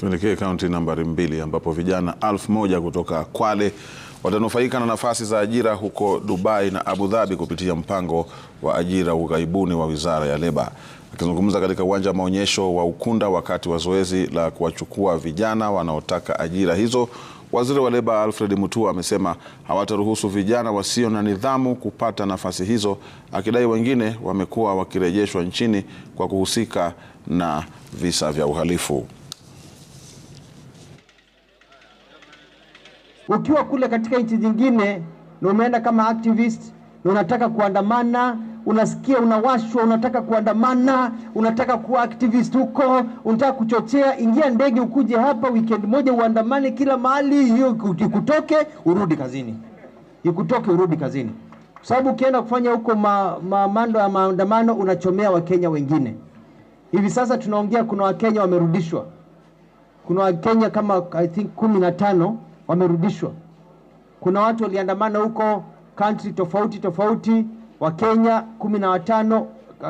Tuelekee kaunti nambari mbili ambapo vijana elfu moja kutoka Kwale watanufaika na nafasi za ajira huko Dubai na Abu Dhabi kupitia mpango wa ajira ughaibuni wa Wizara ya Leba. Akizungumza katika uwanja wa maonyesho wa Ukunda wakati wa zoezi la kuwachukua vijana wanaotaka ajira hizo, Waziri wa Leba Alfred Mutua amesema hawataruhusu vijana wasio na nidhamu kupata nafasi hizo, akidai wengine wamekuwa wakirejeshwa nchini kwa kuhusika na visa vya uhalifu. Ukiwa kule katika nchi zingine na umeenda kama activist na unataka kuandamana, unasikia unawashwa, unataka kuandamana, unataka kuwa activist huko, unataka kuchochea, ingia ndege ukuje hapa weekend moja uandamane kila mahali, hiyo ikutoke urudi kazini, ikutoke urudi kazini, kwa sababu ukienda kufanya huko maamando ma, ya maandamano unachomea Wakenya wengine. Hivi sasa tunaongea, kuna Wakenya wamerudishwa, kuna Wakenya kama I think kumi na tano wamerudishwa. Kuna watu waliandamana huko country tofauti tofauti, Wakenya kumi na watano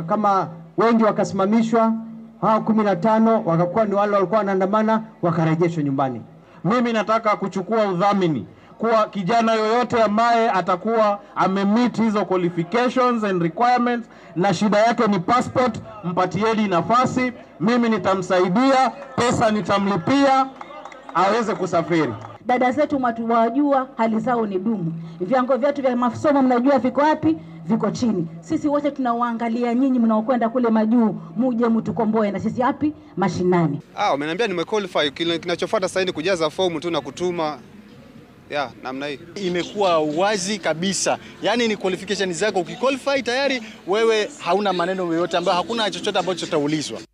kama wengi wakasimamishwa, hao kumi na tano wakakuwa ni wale walikuwa wanaandamana wakarejeshwa nyumbani. Mimi nataka kuchukua udhamini kuwa kijana yoyote ambaye atakuwa amemeet hizo qualifications and requirements na shida yake ni passport, mpatieni nafasi. Mimi nitamsaidia, pesa nitamlipia aweze kusafiri. Dada zetu mwatuwajua, hali zao ni dumu. Viwango vyetu vya masomo mnajua viko wapi? Viko chini. Sisi wote tunawaangalia nyinyi mnaokwenda kule majuu, muje mtukomboe na sisi hapi mashinani. Ah, nime qualify, kinachofuata sasa ni kujaza fomu tu na kutuma ya namna hii imekuwa wazi kabisa, yaani ni qualification zako. Ukiqualify tayari wewe hauna maneno yoyote ambayo, hakuna chochote ambacho tutaulizwa.